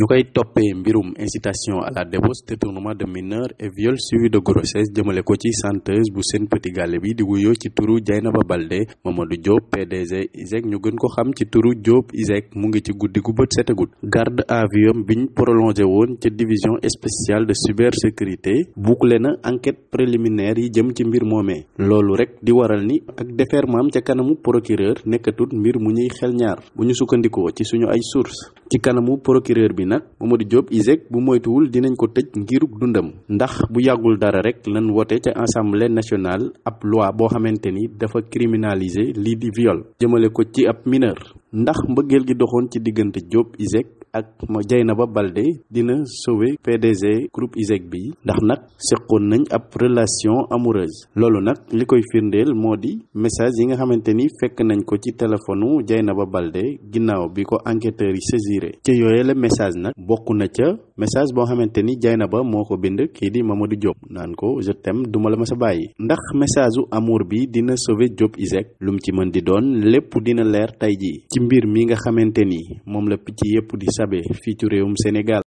ñu koy toppee mbirum incitation à la débauche détournement de mineur et viol suivi de grossesse jëmale ko ci chanteuse bu Sen Petit bi di wuyoo ci turu Dieynaba Baldé Mamadou Diop PDG ISEG ñu gën ko xam ci turu Diop ISEG mu ngi ci guddi gu bët setegut garde à bi ñu prolongé woon ca division spéciale de cybersécurité bouclé na enquête préliminaire yi jëm ci mbir moomee loolu rek di waral ni ak défermam ca kanamu procureur nekkatul mbir mu ñuy xel ñaar bu ñu sukkandikoo ci suñu ay source ci kanamu procureur bi nag Mamadou Diop ISEG bu moytuwul dinañ ko tëj ngiruk dundam ndax bu yàggul dara rek lan wote ca assemblée nationale ab loi boo xamante ni dafa criminaliser lii di viol jëmale ko ci ab mineur ndax mbëggeel gi doxoon ci diggante Diop ISEG ak ma Dieynaba Baldé dina sauver PDG groupe ISEG bi ndax nag seqoon nañ ab relation amoureuse loolu nag li koy firndeel moo di message yi nga xamante ni fekk nañ ko ci téléphonu Dieynaba Baldé ginnaaw bi ko enquêteurs yi saisiré ca yooye la message nag bokk na ca message boo xamante ni na ba moo ko bind kii di Mamadou Diop naan ko je t'aime duma la ma sa bàyyi ndax message u amour bi dina sauver Diop ISEG lu mu ci mën di doon lépp dina leer tey jii tabe fii ci réewum Sénégal